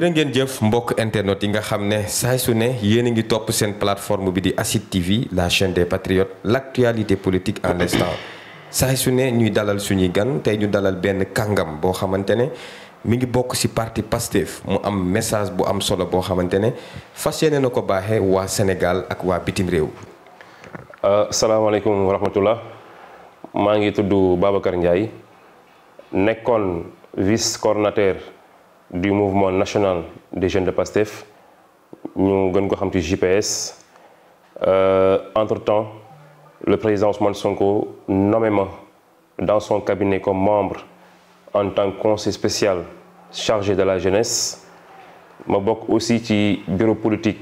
jërë ngeen jëf mbokk internet yi nga xam ne saay su ne yéen a ngi topp seen plateforme bi di ASID TV la chaîne des patriotes lactualité politique en l'instant saay su ne ñuy dalal suñuy gan tey ñu dalal benn kàngam boo xamante ne mi ngi bokk ci parti Pastef mu am message bu am solo boo xamante ne fas yéene na ko baaxee waa Sénégal ak waa bitim réew. Euh, salaamaaleykum wa rahmatullah maa ngi tudd Babacar Ndiaye nekkoon vice coordonnateur. du mouvement national des jeunes de PASTEF ñu gën ko xam ci JPS euh, entre-temps le président Ousmane Sonko nommé ma dans son cabinet comme membre en tant que conseiller spécial chargé de la jeunesse ma bokk aussi ci bureau politique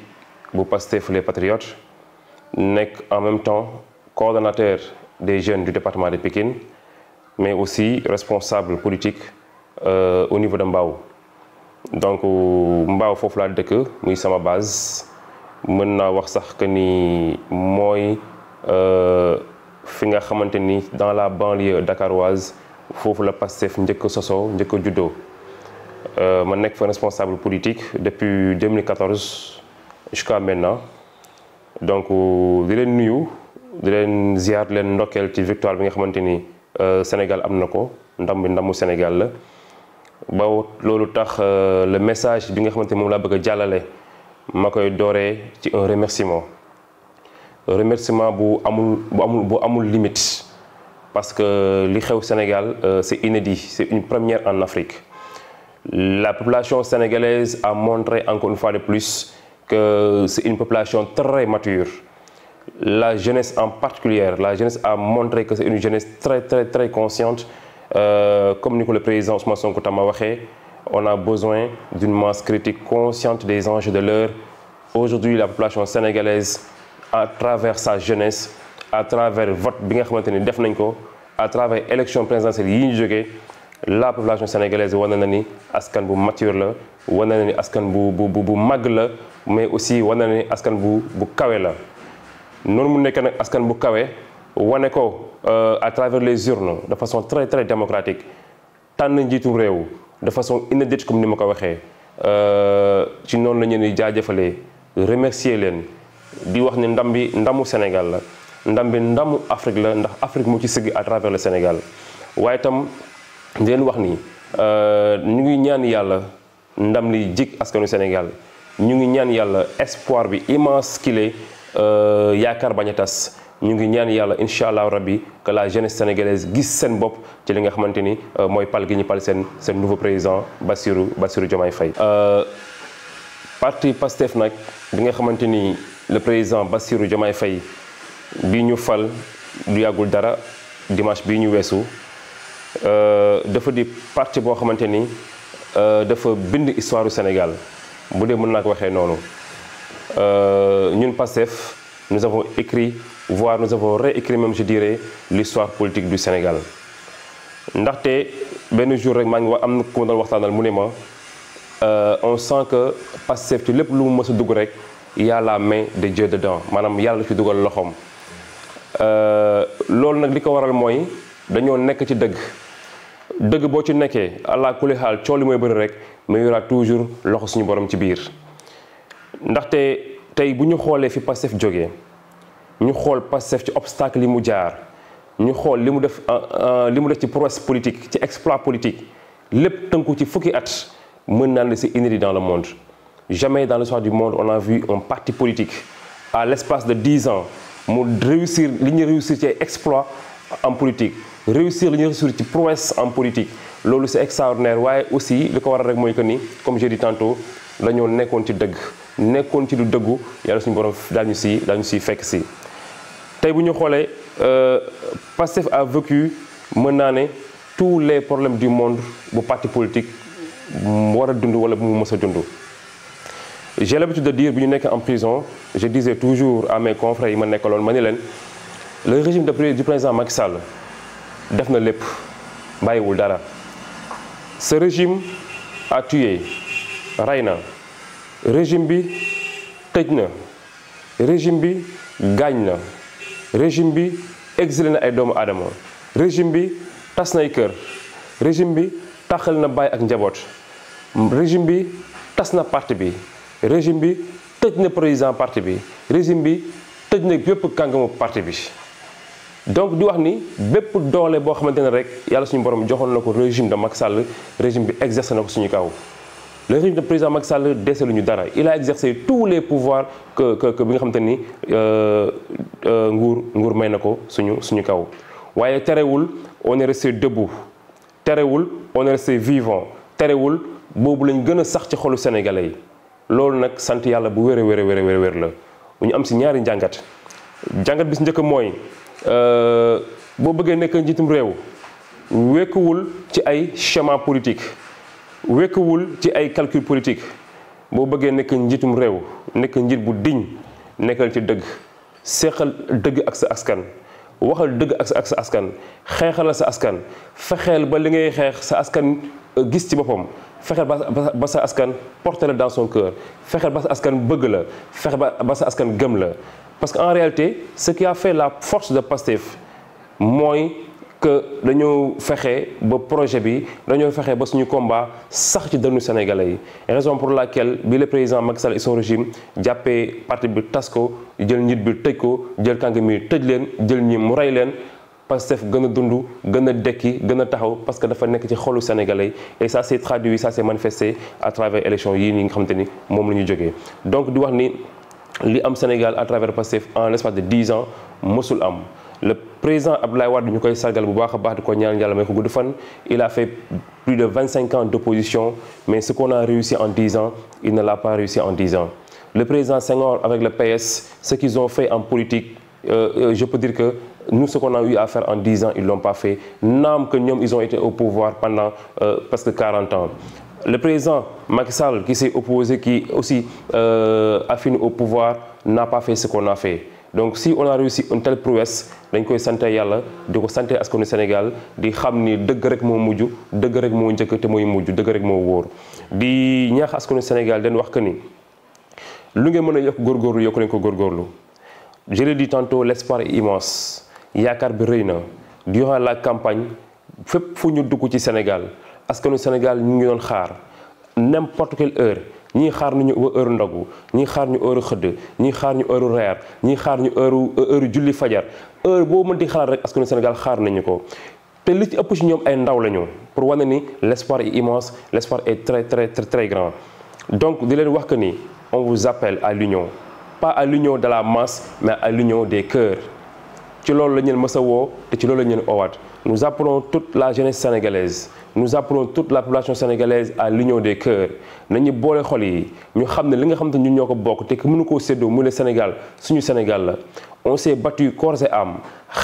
bu PASTEF les patriotes nekk en même temps coordonnateur des jeunes du département de Pikine mais aussi responsable politique euh, au niveau de Mbao donc euh, mbaaw foofu laa dëkk muy sama base mën naa wax sax que ni mooy euh, fi nga xamante ni dans la banlieue dakaroise foofu la Pastef njëkk sosoo njëkk a juddoo euh, ma nekk fa responsable politique depuis 2014 jusqu'à maintenant donc di leen nuyu di leen ziar leen ndokkeel ci victoire bi nga xamante ni Sénégal am na ko ndam bi ndamu Sénégal la ba loolu tax euh, le message bi nga xamante moom laa bëgg a jàllale ma koy dooree ci un remerciement remerciement bu amul bu amul bu amul limite parce que euh, li xew Sénégal euh, c'est inédit c'est une première en Afrique la population sénégalaise a montré encore une fois de plus que c'est une population très mature la jeunesse en particulier la jeunesse a montré que c'est une jeunesse très très consciente Euh, comme ni ko le président Ousmane Sonko tama waxee on a besoin d'une masse critique consciente des enjeux de l'heure aujourd'hui la population sénégalaise à travers sa jeunesse à travers vote bi nga xamante ni def nañ ko à travers élection présidentielle yi ñu jógee la population sénégalaise wane na ni askan bu mature la wane na ni askan bu bu bu màgg la mais aussi wane na ni askan bu bu kawe la noonu mu nekk nag askan bu kawe wane ko Euh, à travers les urnes de façon très très démocratique tànn njiitu réew de façon inédite comme ni ma ko waxee euh, ci noonu la ñu ni jaajëfalee remercier leen di wax ni ndam bi ndamu Sénégal la ndam bi ndamu Afrique la ndax Afrique mu ci sëgg à travers le Sénégal waaye itam di leen wax ni euh, ñu ngi ñaan yàlla ndam li jig askanu Sénégal ñu ngi ñaan yàlla espoir bi immense kile yaakaar bañ tas ñu ngi ñaan yàlla incha allah rabbi que la jeunesse sénégalaise gis seen bopp ci li nga xamante ni euh, mooy pal gi ñu pal seen seen nouveau président bassiru Bassirou fay Faye euh, parti PASTEF nag bi nga xamante ni le président Bassirou Diomaye Faye bi ñu fal lu yàggul dara dimanche bi ñu weesu euh, dafa di parti boo xamante ni dafa bind histoire Sénégal bu dee mën naa ko waxee noonu ñun PASTEF nous avons écrit voire nous avons réécrit même je dirais l'histoire politique du Sénégal ndaxte benn jour rek maa ngi wax am na ku ma doon waxtaanal mu ne ma euh, on sent que Pastef ci lépp lu mu mës a dugg rek yàlla mais de main de Dieu dedans maanaam yàlla fi dugal loxoom euh, loolu nag li ko waral mooy dañoo nekk ci dëgg dëgg boo ci nekkee allah kulli xaal coow li mooy bëri rek mais y toujours loxo suñu borom ci biir ndaxte tey bu ñu xoolee fi Pastef jógee ñu xool Pastef ci obstacle yi mu jaar ñu xool li mu def euh, euh, li mu def ci prouesse politique ci exploit politique lépp tënku ci fukki at mën naa la si inédit dans le monde jamais dans l'histoire du monde on a vie un parti politique à l'espace de dix ans mu réussir li ñu réussir ci exploit en politique réussir ñu réussir ci prouesse en politique loolu c'est extraordinaire waaye aussi li ko waral rek mooy que ni comme j'ai dit tantôt dañoo nekkoon ci dëgg nekkoon ci lu dëggu yàlla suñu borom daañu si daañu si fekk si tey bu ñu xoolee euh, Pastef a vécu mën naa ne tous les problèmes du monde bu parti politique war a dund wala bu mu mës a dund j'ai l'habitude de dire bu ñu nekk en prison je disais toujours à mes yi ma nekkaloon ma ni leen le régime de du président Macky Sall def na lépp bàyyiwul dara ce régime a tué rey na régime bi tëj na régime bi gaañ na régime bi exilé na ay doomu aadama résime bi tas nay kër résime bi taxal na baay ak njaboot résime bi tas na parti bi régime bi tëj na président parti bi régime bi tëj na bépp kàngamu parti bi donc di wax ni bépp doole boo xamante ne yàlla suñu borom joxoon na ko régime de Macky sàll régime bi exercé na ko suñu kaw le régime de président Macky Sall deseluñu dara il a exercé tous les pouvoirs que que bi nga xamante ni euh, euh, nguur nguur may na ko suñu suñu kaw waaye terewul on est resté terewul on est resté vivant terewul boobu lañ gën a sax ci xolu sénégalais yi loolu nag sant yàlla bu wér a wér a wér a wér ñu am si ñaari njàngat jàngat bi si njëkk mooy euh, boo bëggee nekk njiitum réew wekkuwul ci ay chemin politique wekkuwul ci ay calcul politique boo bëggee nekk njiitum réew nekk njiit bu diñ nekkal ci dëgg seexal dëgg ak sa askan waxal dëgg ak sa askan xeexalal sa askan fexeel ba li ngay xeex sa askan euh, gis ci boppam fexeel ba sa askan porter la dans son cœur fexeel ba sa askan bëgg la fexeel ba sa askan gëm la parce que en réalité ce qui a fait la force de Pastef que dañoo fexe ba projet bi dañoo fexe ba suñu combat sax ci dënnu sénégalais yi raison pour laquelle bi le président Macky Sall et son régime jàppee parti bi tas ko jël njiit bi tëj ko jël kànga mi tëj leen jël ñi mu rey leen Pastef gën a dund gën a dekki gën a taxaw parce que dafa nekk ci xolu sénégalais et ça s'est traduit ça s'est manifesté à travers élection yii ni nga xamante ni moom la ñu jógee donc di wax ni li am Sénégal à travers Pastef en l'espace de dix ans mosul am le président Abdoulaye Wade ñu koy sargal bu baax a baax di ko ñaan yàlla may ko gudd fan il a fait plus de vingt cinq ans d'opposition mais ce qu'on a réussi en dix ans il ne l'a pas réussi en dix ans le président Senghor avec le PS ce qu'ils ont fait en politique euh, euh, je peux dire que nous ce qu'on a eu à en dix ans ils l'ont pas fait naam que ñoom ils ont été au pouvoir pendant euh, presque quarante ans le président Macky Sall qui s'est opposé qui aussi euh, affine au pouvoir n'a pas fait donc si on a réussi une telle prouesse dañ koy sante yàlla di ko sante askanu Sénégal di xam ni dëgg rek moo mujj dëgg rek moo njëkk te mooy mujj dëgg rek moo wóor di ñaax askanu Sénégal den wax que ni lu ngeen mën a yokk góorgóorlu yokk leen ko góor góorlu l'ai dit tantôt l'espoir est immense yaakaar bi rëy na durant la campagne fépp fu ñu dugg ci Sénégal askanu Sénégal ñu ngi doon xaar n'importe quelle heure ñii xaar nañu ba heure ndogu ñii xaar ñu heure xëdd ñii xaar ñu heure reer ñii xaar ñu heure heure julli fajar heure boo mën di xalaat rek askanu Sénégal xaar nañu ko te li ci ëpp ci ñoom ay ndaw lañu pour wane ni l'espoir est immense l'espoir est très très très grand donc di leen wax que ni on vous appelle à l'union pas à l'union de la masse mais à l'union des cœurs ci loolu la ñu leen mës a woo te ci loolu la ñu leen oowaat Nous appelons toute la jeunesse sénégalaise nous appelons toute la population sénégalaise à lu l'union des cœurs nañu boole xol yi ñu xam ne li nga xam te ñu ñoo ko bokk te munu koo séddoo mu le Sénégal suñu Sénégal la on s'est battu corps et âme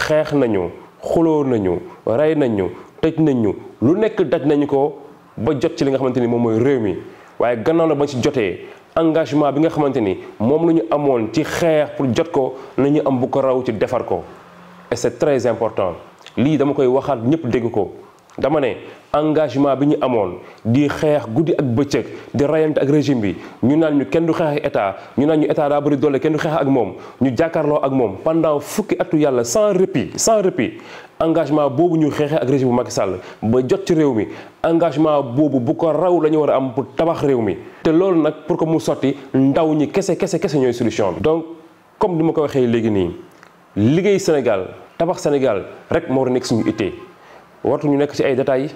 xeex nañu xuloo nañu rey nañu tëj nañu lu nekk daj nañu ko ba jot ci li nga xamante ni moom mooy réew mi waaye gannaaw la ba ci jotee engagement bi nga xamante ni moom la ñu amoon ci xeex pour jot ko nañu am bu ko raw ci defar ko et c'est très important lii dama koy waxaat ñëpp dégg ko dama ne engagement bi ñu amoon di xeex guddi ak bëccëg di rayante ak régime bi ñu naan ñu kenn du xeex ak état ñu naan ñu état daa bëri doole kenn du xeex ak moom ñu jàkkaarloo ak moom pendant fukki atu yàlla sans répit sans répit engagement boobu ñu xeexee ak régime bu mag sàll ba jot ci réew mi engagement boobu bu ko raw la ñu war a am pour tabax réew mi te loolu nag pour que mu sotti ndaw ñi kese kese kese ñooy solution bi donc comme ni ma ko waxee léegi nii liggéey Sénégal tabax Sénégal rek moo war a nekk suñu ittee waratuñu nekk ci ay détails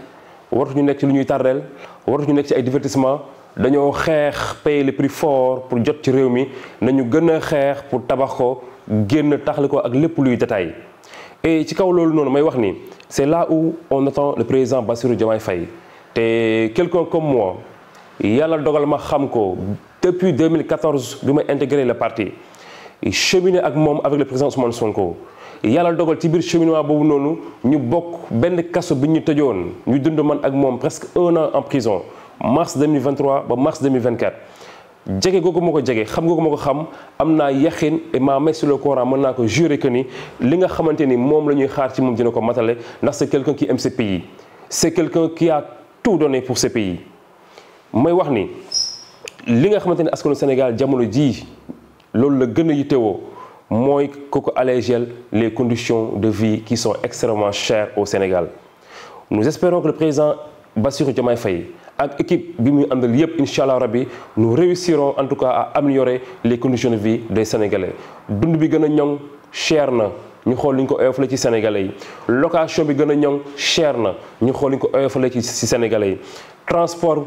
ñu nekk ci lu ñuy tardeel ñu nekk ci ay divertissement dañoo xeex payer le prix fort pour jot ci réew mi nañu gën a xeex pour tabax ko génn taxali ko ak lépp luy détail et ci kaw loolu noonu may wax ni c'est là où on attend le président Bassirou Diomaye Faye te quelqu'un comme mois yàlla dogal ma xam ko depuis 2014 bi ma intégré le parti cheminé ak moom avec le président Ousmane yàlla dogal ci biir cheminement boobu noonu ñu bokk benn kaso bi ñu tëjoon ñu dund man ak moom presque un an en prison mars 2023 ba mars 2024. jege googu ma ko jege xam googu ma ko xam am naa yaxin et ma main sur mën naa ko jurer que ni li nga xamante ni moom la ñuy xaar ci moom dina ko matale ndax c'est quelqu'un qui aime ce pays c'est quelqu'un qui a tout donné pour ce pays may wax ni li nga xamante ni askanu Sénégal jamono jii loolu la gën a yittewoo mooy ku ko allégeel les conditions de vie qui sont extrêmement chères au Sénégal nous espérons que le président Bassirou Diomaye fay ak équipe bi muy àndal yëpp incha allah rabbi nu réussirons en tout cas à améliorer les conditions de vie des Sénégalais dund bi gën a ñoŋ cher na ñu xool li ñu ko oyofale ci Sénégalais yi location bi gën a ñoŋ cher na ñu xool li ñu ko oyofale ci Sénégalais yi transport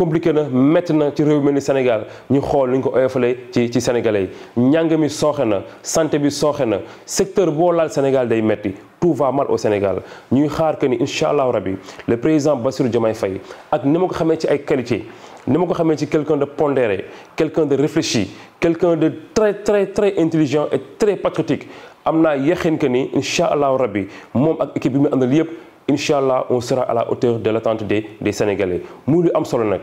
compliqué na métti na ci réew mel Sénégal ñu xool ni ñu ko oyofalee ci ci sénégalais yi njàng sooxe na santé bi sooxe na secteur boo laal Sénégal day métti tout va mal au Sénégal ñuy xaar que ni incha allahu rabi le président Bassirou Diomaye fay ak ni ma ko xamee ci ay qualité ni ma ko xamee ci quelqu'un de pondéré quelqu'un de réfléchi quelqu'un de très très très intelligent et très patriotique am naa yéexin que ni incha allahu rabi moom ak équipe bi mu àndal yëpp. incha allah on sera à la hauteur de l'attente des des sénégalais muy lu am solo nag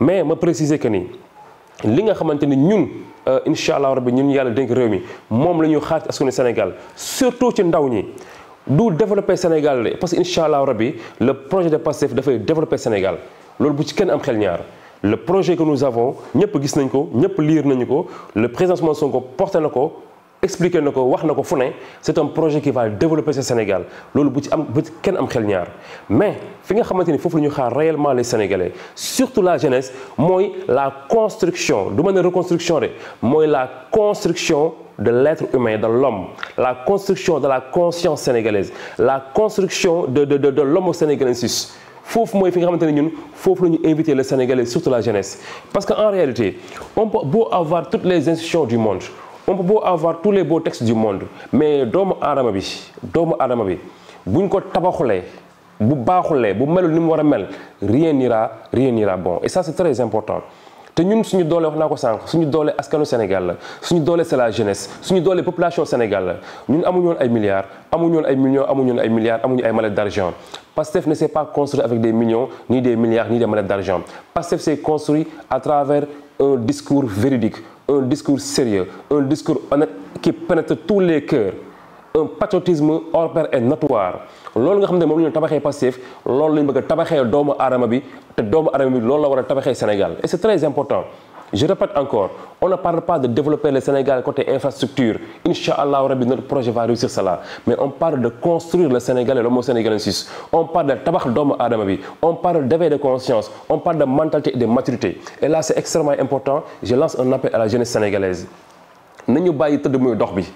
mais ma préciser que ni li nga xamante ni ñun euh, incha allah rabbi ñun yàlla dénk réew mi moom la ñu xaar askanu Sénégal surtout ci ndaw ñi. du développer Sénégal parce que incha allah rabbi le projet de PASTEF dafay développer Sénégal loolu bu ci kenn am xel ñaar. le projet que nous avons ñëpp gis nañ ko ñëpp lire nañu ko le président Sonko porté na ko. expliqué na ko wax na ko fu ne c'est un projet qui va développer ce Sénégal loolu bu ci am bu ci kenn am xel ñaar mais fi nga xamante ni foofu la ñu xaar réellement les Sénégalais surtout la jeunesse mooy la construction du ma ne reconstruction de mooy la construction de l'être humain de l'homme la construction de la conscience sénégalaise la construction de de de de l'homo sénégalensis foofu mooy fi nga xamante ne ñun foofu la ñu inviter le Sénégalais surtout la jeunesse parce que en réalité on peut beau les institutions du monde on peut beau avoir tous les beaux textes du monde mais doomu aadama bi doomu aadama bi bu buñ ko tabaxulee bu baaxulee bu melul ni mu war a mel rien n'ira rien n'ira bon et ça c'est très important te ñun suñu doole wax naa ko sànq suñu doole askanu Sénégal la suñu doole c'est la jeunesse suñu doolee population Sénégal la ñun amuñu woon ay milliards amuñu woon ay millions amuñu woon ay milliards amuñu ay mallettes d'argent PASTEF ne s'est pas construit avec des millions ni des milliards ni des mallettes d'argent PASTEF s'est construit à travers un discours véridique un discours sérieux, un discours honnête qui pénètre tous les cœurs, un patriotisme hors et notoire. loolu nga xam ne moom la ñu tabaxee Pastef loolu la bëgg tabaxee doomu aadama bi te doomu aadama bi loolu la war a tabaxee Sénégal et c'est très important. je répète encore on ne parle pas de développer le Sénégal côté infrastructure incha allahu rabi notre projet va réussir cela mais on parle de construire le Sénégal et le mot sénégalensis on parle de tabax doomu aadama bi on parle d'éveil de conscience on parle de mentalité et de maturité et là c'est extrêmement important je lance un appel à la jeunesse sénégalaise nañu bàyyi tëdd muy dox bi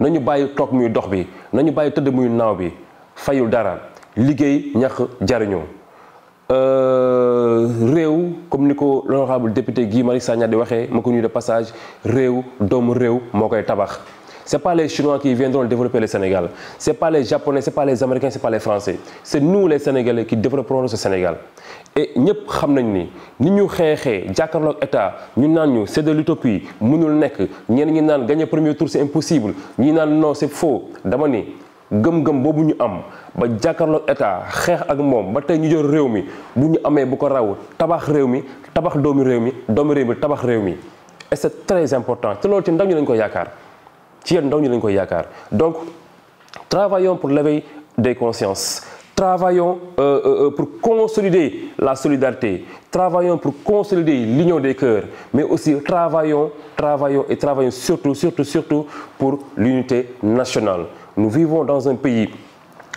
na ñu bàyyi toog muy dox bi na ñu bàyyi tëdd naaw bi fayul dara liggéey ñax jariñoo Euh, réew comme ni ko l'honorable député Guy Marius Sagna di waxee ma ko ñu de passage réew doomu réew moo koy tabax c'est pas les chinois qui viendront développer le Sénégal c'est pas les japonais c'est pas les américains c'est pas les français c'est nous les sénégalais qui développerons ce Sénégal et ñëpp xam nañ ni ni ñu xeexee jàkkaarloog état ñu naan ñu c'est de l'utopie mënul nekk ñenn ñi naan gagner premier tour c'est impossible ñi naan non c'est faux dama ni gëm-gëm boobu ñu am ba jàkkaarloog état xeex ak moom ba tey ñu jël réew mi bu ñu amee bu ko raw tabax réew mi tabax doomi réew mi doomi réew mi tabax réew mi et c'est très important te lool ci ndaw ñi lañ ko yaakaar ci yéen ndaw ñi lañ ko yaakaar donc travaillons pour l'éveil des consciences travaillons euh, euh, euh, pour consolider la solidarité travaillons pour consolider l'union des cœurs mais aussi travaillons travaillons et travaillons surtout surtout surtout pour l'unité nationale Nous vivons dans un pays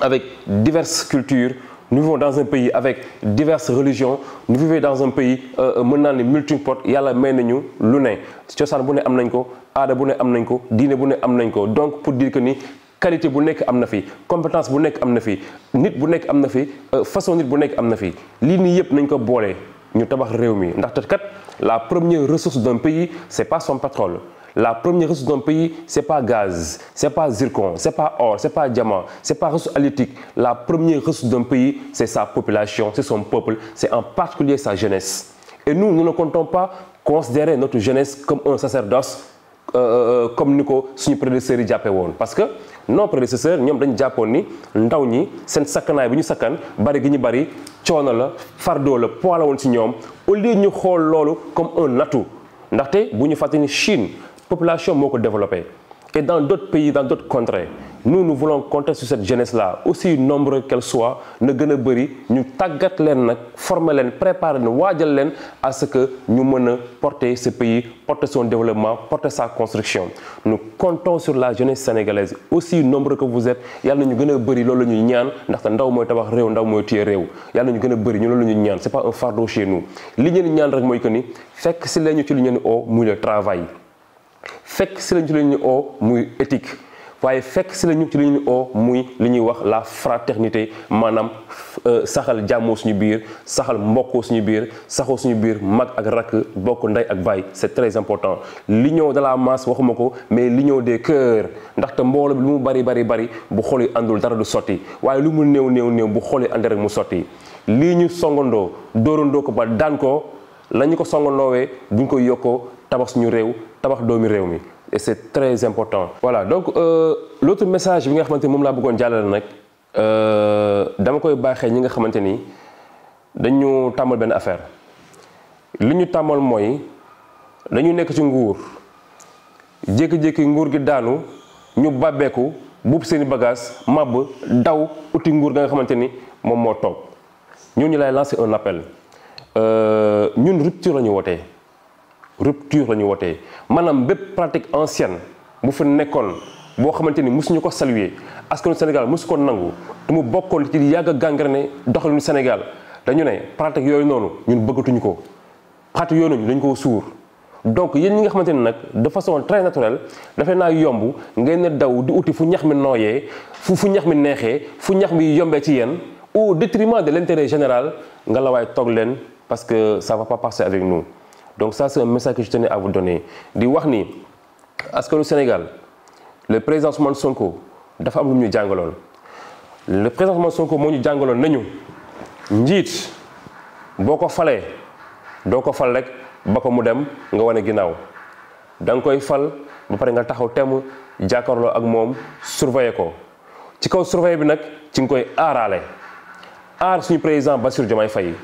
avec diverse culture nous vivons dans un pays avec diverses religions ñu vivons dans un pays euh, euh, mën naa ne multipote yàlla may nañu lu ne cosaan bu ne am nañ ko aada bu ne am nañ ko diine bu ne am nañ ko donc pour dire que ni qualité bu nekk am na fi compétence bu nekk am na fi nit bu nekk am na fi euh, façon nit bu nekk am na fi lii nii yëpp nañ ko boolee ñu tabax réew mi ndaxte kat la première ressource d'un pays c'est pas son pétrole La première ressource d'un pays, c'est pas gaz, c'est pas zircon, c'est pas or, c'est pas diamant, c'est pas ressource alétique. La première ressource d'un pays, c'est sa population, c'est son peuple, c'est en particulier sa jeunesse. Et nous, nous ne comptons pas considérer notre jeunesse comme un sacerdoce euh, euh comme ni ko suñu prédécesseurs yi jàppee woon parce que non prédécesseurs ñoom dañu jàppoon ni ndaw ñi seen sakkanaay bi ñu sakkan bari gi ñu bari coono la fardeau la poids la woon ci ñoom au lieu ñu xool loolu comme un ndaxte bu ñu fàtte ni population moo ko développé et dans d'autres pays dans d'autres contrées nous nous voulons compter sur cette jeunesse là aussi nombre qu'elle soit na gën a bëri ñu tàggat leen nag forme leen préparer leen waajal leen à ce que ñu mën a porter ce pays son développement porter sa construction nous comptons sur la jeunesse sénégalaise aussi nombreux que vous êtes yàlla na ñu gën a bëri loolu ñu ñuy ñaan ndaxte ndaw mooy tabax réew ndaw mooy téye réew yàlla na ñu gën a bëri ñu loolu la ñuy ñaan c'est pas un fardeau rek mooy que ni fekk si leen ñu ci li fekk si lañ ci lañu oo muy éthique waaye fekk si lañu ci lañu o muy li ñuy wax la fraternité maanaam euh, saxal jàmmoo suñu biir saxal mbokkoo suñu biir saxoo suñu biir mag ak rakk bokk ndey ak baay c'est très important l'union de la masse waxuma ko mais l'union des cœurs ndaxte mbooloo bi lu mu bari bari bari bu xol yi dara du sotti waaye lu mu néew néew néew bu xol yi mu sotti li ñu songandoo doorandoo ko ba daan ko la ko songandoowee bu ñu ko yokkoo tabax suñu réew tabax doomi réew mi et c'est très important. voilà donc euh, l'autre message bi nga xamante ni moom laa bëggoon jàllale nag euh, dama koy baaxee ñi nga xamante ni dañu tàmmal benn affaire li ñu tàmmal mooy dañu nekk ci nguur jékki-jékki nguur gi daanu ñu bàbbeeku buub seen i bagage màbb daw uti nguur ga nga xamante ni moom moo toog ñooñu lay lancer un appel euh, ñun rupture la ñu wootee. rupture la ñu wootee maanaam bépp pratique ancienne bu fa nekkoon boo xamante ni mosuñu ko saluer askanu Sénégal mosu ko nangu te mu bokkoon ci yàgg a gangrené doxalinu Sénégal dañu ne pratique yooyu noonu ñun bëggatuñu ko pratique yooyu ñu dañ ko suur donc yéen ñi nga xamante ni nag de façon très naturelle dafay naa yomb ngeen ne daw di uti fu ñax mi nooyee fu fu ñax mi neexee fu ñax mi yombee ci yéen au détriment de l'intérêt général nga la que ça va pas passer donc ça c'est un message que je tenais donner di wax nii ni askanu Sénégal le président man Sonko dafa am lu ñu jàngaloon le président Ousmane Sonko moo ñu jàngaloon nañu njiit boo ko falee doo ko fal rek ba ko mu dem nga wane ginnaaw da nga koy fal ba pare nga taxaw temm jàkkarloo ak moom surveiller ko ci kaw surveiller bi nag ci nga koy aarale aar suñu président Bassirou Diomaye fay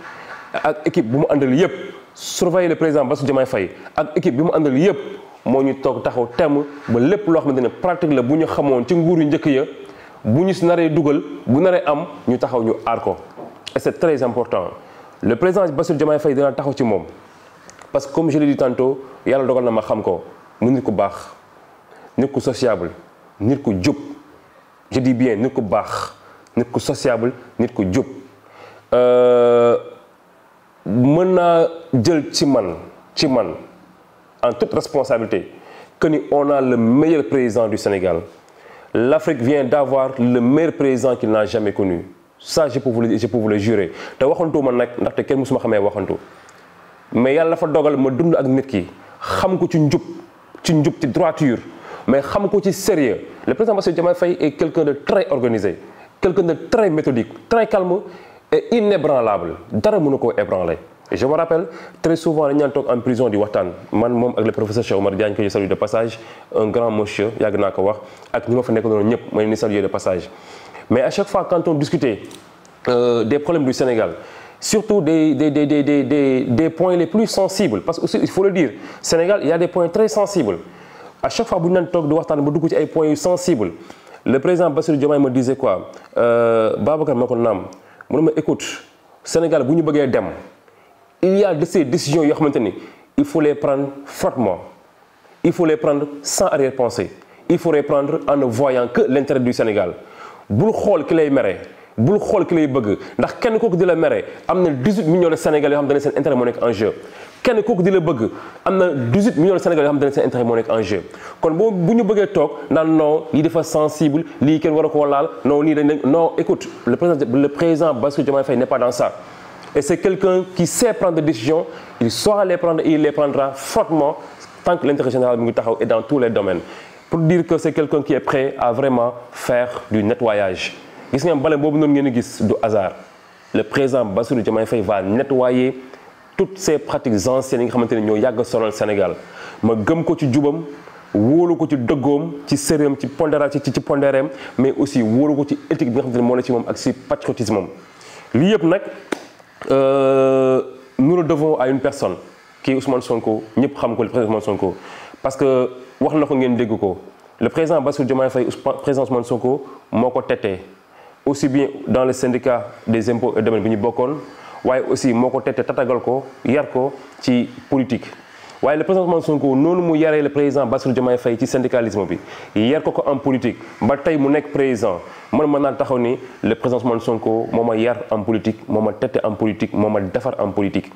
ak équipe bu mu àndal yépp surveiller le président Bassirou Diomaye Faye ak équipe bi mu àndal yëpp moo ñu toog taxaw temm ba lépp loo xamante ne pratique la bu ñu xamoon ci nguur yu njëkk ya bu ñu si naree dugal bu naree am ñu taxaw ñu aar ko et c'est très important le président Bassirou Diomaye fay danaa taxaw ci moom parce que comme je l'ai dit yàlla dogal na ma xam ko mu nit ku baax nit ku sociable nit ku jub je bien nit ku baax nit ku sociable nit ku jub euh, mën naa jël ci man ci man en toute responsabilité que ni on a le meilleur président du Sénégal l'Afrique vient d'avoir le meilleur président qu'il n'a jamais connu ça je peux vous le je le jurer te waxantu ma nag ndaxte kenn musuma xamee waxantu mais yàlla dafa dogal ma dund ak nit ki xam ko ci njub ci njub ci droiture mais xam ko ci sérieux le président Bassirou Diomaye Faye est quelqu'un de très organisé quelqu'un de très méthodique très calme e inébranlable dara mënu koo ébranler je me rappelle très souvent dañ daan toog en prison di waxtaan man moom ak le professeur Cheikh Omar Diagne de passage un grand monsieur yàgg naa ko wax ak ñi ma fa nekk noonu ñëpp ma leen di saluer de passage mais à chaque fois quand on discutait euh, des problèmes du Sénégal surtout des des des des des des points les plus sensibles parce que aussi il faut le dire Sénégal il y a des points très sensibles à chaque fois bu ñu toog di waxtaan ba dugg ci ay points yu sensibles le président Bassirou Diomaye me disait quoi euh, Babacar ma ko naam mu ne ma écoute Sénégal bu ñu bëggee dem il y a de ces décisions yoo xamante ni il faut les prendre fortement il faut les prendre sans arrière-pensée il faut les prendre en ne voyant que l'intérêt Sénégal bul xool ki lay mere bul xool ki lay bëgg ndax kenn kooku di la mere am na 18 millions de Sénégalais yoo xam ne seen intérêt moo nekk en jeu kenn kooku di la bëgg am na 18 millions de Sénégalais yoo xam ne seen en jeu kon boo ñu bëggee toog naan non lii dafa sensible lii kenn war a koo laal non lii dañ ne non écoute le président le président Bassirou Diomaye Faye n'est pas dans ça et c'est quelqu'un qui sait prendre des décisions il saura les prendre et il les prendra fortement tant que l'intérêt général mu ngi taxaw et dans tous les domaines pour dire que c'est quelqu'un qui est prêt à vraiment faire du nettoyage gis ngeen boobu noonu ngeen gis du hasard le président Bassirou Diomaye Faye va nettoyer toutes ces pratiques anciennes yi nga xamante ne ñoo yàgg a sonal Sénégal ma gëm ko ci jubam wóolu ko ci dëggoom ci sëréem ci pondéra ci ci pondéreem mais aussi wóolu ko ci éthique bi nga xamante ne moo ne ci moom ak si patriotisme am lii yëpp nag euh, nous le devons à une personne qui est Ousmane Sonko ñëpp xam ko le président Ousmane Sonko parce que wax na ko ngeen dégg ko le président Bassirou Diomaye Faye président Ousmane ko moo ko tetee aussi bien dans le syndicat des impôts et bi ñu bokkoon waaye aussi moo ko tette tatagal ko yar ko ci politique waaye le président Ousmane Sonko noonu mu yaree le président Bassirou Diomaye fay ci syndicalisme bi yar ko ko en politique ba tey mu nekk président man mën naa taxaw ni le président Ousmane Sonko moom ma yar en politique moo ma tette en politique moo ma defar en politique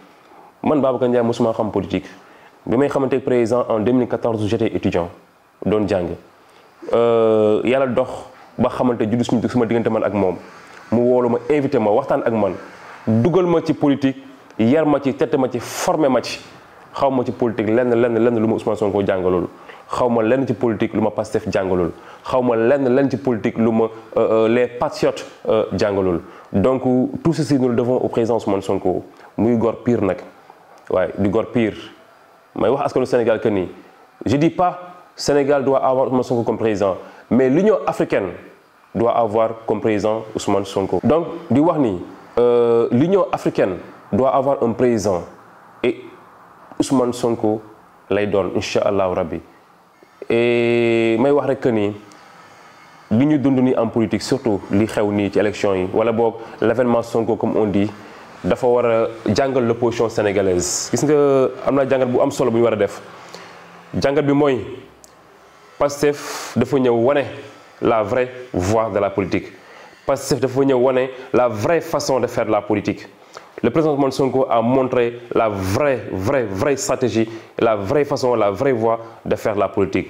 man Babacar Ndiaye mosuma xam politique bi may xamante président en 2014 j'étais étudiant doon jàng euh, yàlla dox ba xamante juddu suñu suma diggante man ak moom mu woolu ma invité ma waxtaan ak man dugal ma ci politique yar ma ci tette ma ci formé ci xaw ma ci politique lenn lenn lenn lu ma Ousmane Sonko jàngalul xaw ma lenn ci politique lu ma Pastef jàngalul xaw ma lenn lenn ci politique lu ma euh, euh, les patriotes euh, jàngalul donc tout ceci nous le devons au président Ousmane Sonko muy gor pire nag waaye di gor pire may wax askanu Sénégal que nii je dis pas Sénégal doit avoir Ousmane Sonko comme président mais l'Union africaine doit avoir comme président Ousmane Sonko donc di wax nii Euh, ñëw africaine doit avoir un président et Ousmane Sonko lay doon incha allahu rabbi et may wax rek que ni li ñu dund ni en politique surtout li xew nii ci élection yi wala boog l'avènement Sonko comme on di dafa war a jàngal la l'opposition sénégalaise. gis nga am na jàngat bu am solo bu ñu war a def jàngat bi mooy Pastef dafa ñëw wane la vraie voie de la politique. Pastef dafa ñëw wane la vraie façon de faire la politique le président Ousmane Sonko a montré la vraie vraie vraie stratégie la vraie façon la vraie voie de faire la politique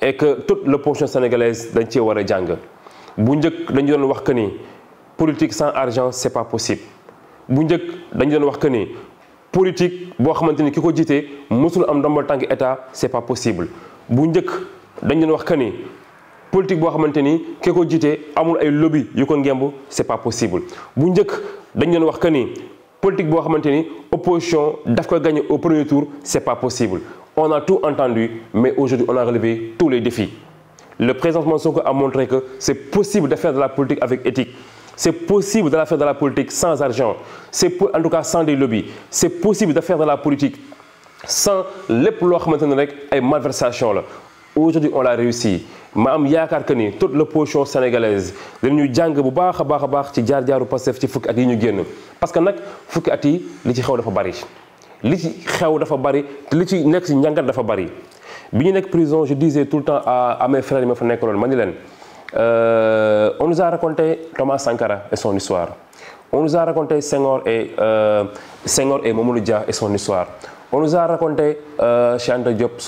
et que toute le l'opposition sénégalaise dañ cee war a jàng bu njëkk dañu doon wax que ni politique sans argent c'est pas possible bu njëkk dañu doon wax que ni politique boo xamante ni ki ko jiitee mësul am ndombal tànk état c'est pas possible bu njëkk dañu doon wax que ni politique boo xamante ni ki ko jiite amul ay lobby yu ko ngemb c'est pas possible bu njëkk dañ leen wax que ni politique boo xamante ni opposition daf ko gagner au premier tour c'est pas possible on a tout entendu mais aujourd'hui on a relevé tous les défis le président Sonko a montré que c'est possible de faire de la politique avec éthique c'est possible de la faire de la politique sans argent c'est en tout cas sans des lobbies c'est possible de lépp loo xamante ne rek ay malversation la aujourd'hui l'a réussi ma am yaakaar que ni toute l'opposition sénégalaise dañu jàng bu baax a baax a baax ci jaar-jaaru Pastef ci fukki at yi ñu génn parce que nag fukki at yi li ci xew dafa bari li ci xew dafa bari te li ci nekk ci njàngat dafa bari bi ñu nekk prison je disais tout le temps à à mes frères yi ma fa nekkaloon ma ni leen euh, on nous a raconté Thomas Sankara et son histoire on nous a raconté Senghor et euh, Senghor et Mamadou Dia et son histoire on nous a raconté euh, Cheikh Anta Diop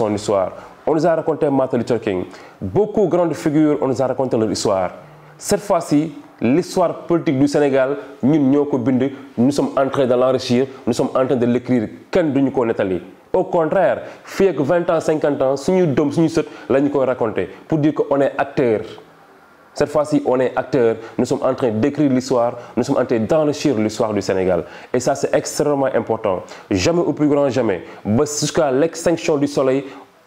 on nous a raconté Martin de grandes figures, on nous a raconté leur Cette fois-ci, l'histoire politique du Sénégal, ñun nous, nous sommes en train de l'enrichir, nous sommes en train de l'écrire. Quand nous connaissons au contraire, fait que 20 ans, 50 ans, si nous sommes, si nous sommes, là, nous raconter pour dire qu'on est acteur. Cette fois-ci, on est acteur, nous sommes en train d'écrire l'histoire, nous sommes en train d'enrichir l'histoire du Sénégal. Et ça, c'est extrêmement important. Jamais au plus grand jamais, jusqu'à l'extinction du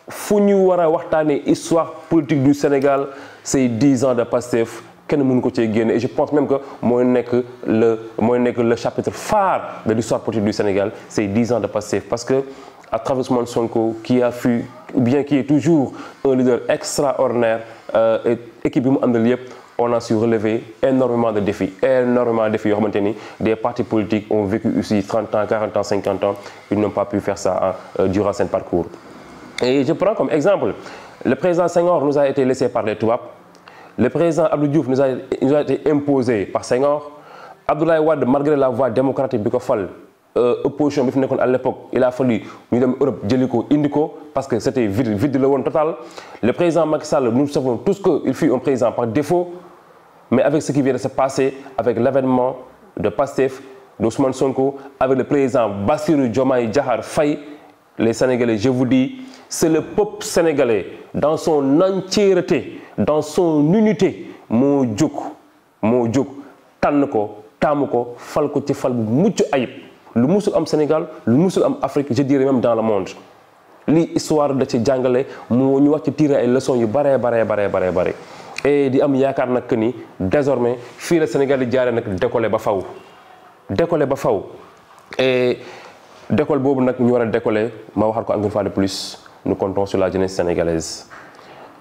fu ñu war a waxtaanee histoire politique du Sénégal ces dix ans de Pastef kenn mënu ko cee génne et je pense même que mooy nekk le nekk le chapitre phare de l'histoire politique du Sénégal ces dix ans de Pastef parce que à travers Ousmane Sonko qui a fui ou bien qui est toujours un leader extraordinaire euh, et équipe bi mu àndal yëpp on a su relever énormément de défis énormément de défis yoo xamante ni des partis politiques ont vécu aussi 30 ans 40 ans 50 ans ils n'ont pas pu faire ça hein, euh, Et je prends comme exemple, le président Senghor nous a été laissé par les Toubabs. Le président Abdou Diouf nous a, nous a été imposé par Senghor. Abdoulaye Wade, malgré la voie démocratique, Bikofal, euh, opposition bi fi l'époque il a fallu ñu dem Europe jëli ko indi ko parce que c'était vide vide la woon total le président Macky Sall nous savons tous que il fut un président par défaut mais avec ce qui vient de se passer avec l'avènement de Pastef d'Ousmane Sonko avec le président Bassirou Diomaye Diakhar Faye les Sénégalais je vous c'est le peuple sénégalais dans son entièreté dans son unité moo jóg moo jóg tànn ko taamu ko fal ko ci fal bu mucc ayib lu musul am Sénégal lu musul am Afrique je dirais même dans le monde lii histoire da ci jàngale moo ñu wax ci tirer ay leçons yu baree baree baree baree bare et di am yaakaar nag que ni désormais fii la Sénégal di jaaree nag décoller ba faw décolé ba faw et décolle boobu nag ñu war a décoller ma waxaat ko encore une fois plus nous comptons sur la jeunesse sénégalaise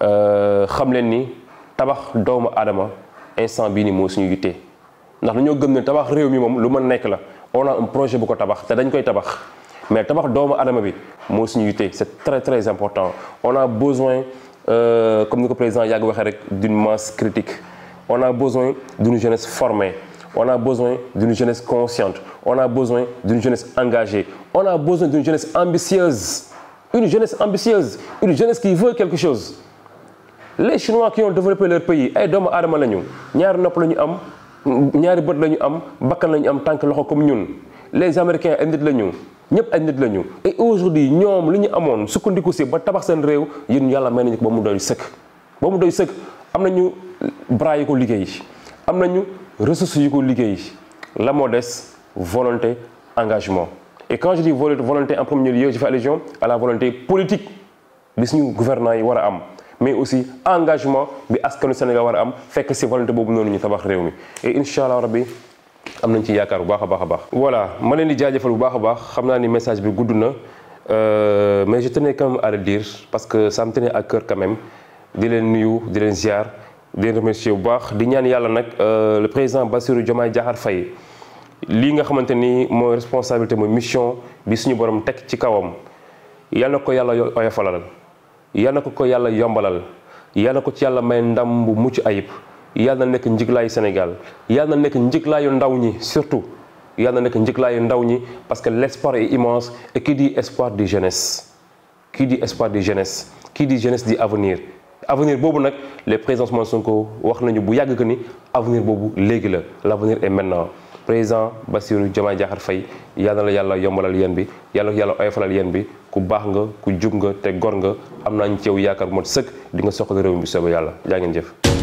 euh, xam leen ni tabax doomu aadama instant bii nii moo suñu yitte ndax ñoo gëm ne tabax réew mi moom lu mën nekk la on a projet bu ko tabax te dañ koy tabax mais tabax doomu adama bi moo suñu yitte c'est très très important on a besoin euh, comme ni ko président yàgg waxee rek d'une masse critique on a besoin d'une jeunesse formée on a besoin d'une jeunesse consciente on a besoin d'une jeunesse engagée on a besoin d'une jeunesse une jeunesse ambitieuse une jeunesse qui veut quelque chose les chinois qui ont développé leur pays ay doomu aadama lañu ñaari nopp la ñu am ñaari bët la ñu am bakkan la am tànk loxo comme ñun les américains ay nit la ñu ñëpp ay nit la ñu et aujourd'hui ñoom li ñu amoon sukkandiku si ba tabax seen réew yéen yàlla may nañu ko ba mu doy sëkk ba mu doy sëkk am nañu bras yu ko liggéey am nañu ressources yu ko liggéey la moo des volonté engagement Et quand je dis volonté en premier lieu, je fais allusion à la volonté politique bi suñu gouvernants yi war a am mais aussi engagement bi askanu Sénégal war a am fekk si volonté boobu noonu ñu tabax réew mi et incha allah rabbi am nañ ci yaakaar bu baax a baax a baax. voilà ma leen di jaajëfal bu baax a baax xam naa ni message bi gudd na euh, mais je tenais quand même à le dire parce que ça me tenait à cœur quand di leen nuyu di leen ziar di leen remercier bu baax di ñaan yàlla nag euh, le président Bassirou Diomaye Diakhar Faye. lii nga xamante ni mooy responsabilité mooy mission bi suñu borom teg ci kawam yal na ko yàlla oyofalal yal na ko ko yàlla yombalal yal na ko ci yàlla may ndam bu mucc ayib yal na nekk njiglaayu Sénégal yal na nekk njiglaayu ndaw ñi surtout yal na nekk njiglaayu ndaw ñi parce que l'espoir est immense et qui dit espoir dit jeunesse qui dit espoir dit jeunesse qui dit jeunesse dit avenir avenir boobu nag les présidents Sonko wax nañu bu yàgg que ni avenir boobu léegi la l'avenir est maintenant président Bassirou Diomaye Diakhar Faye yal na la yàlla yombalal yéen bi yàlla yàlla oyofalal yéen bi ku baax nga ku jub nga te gor nga am naa ñu ci yaakaar bu mat sëkk di nga soxal réew mi bi soobee yàlla jaa ngeen jëf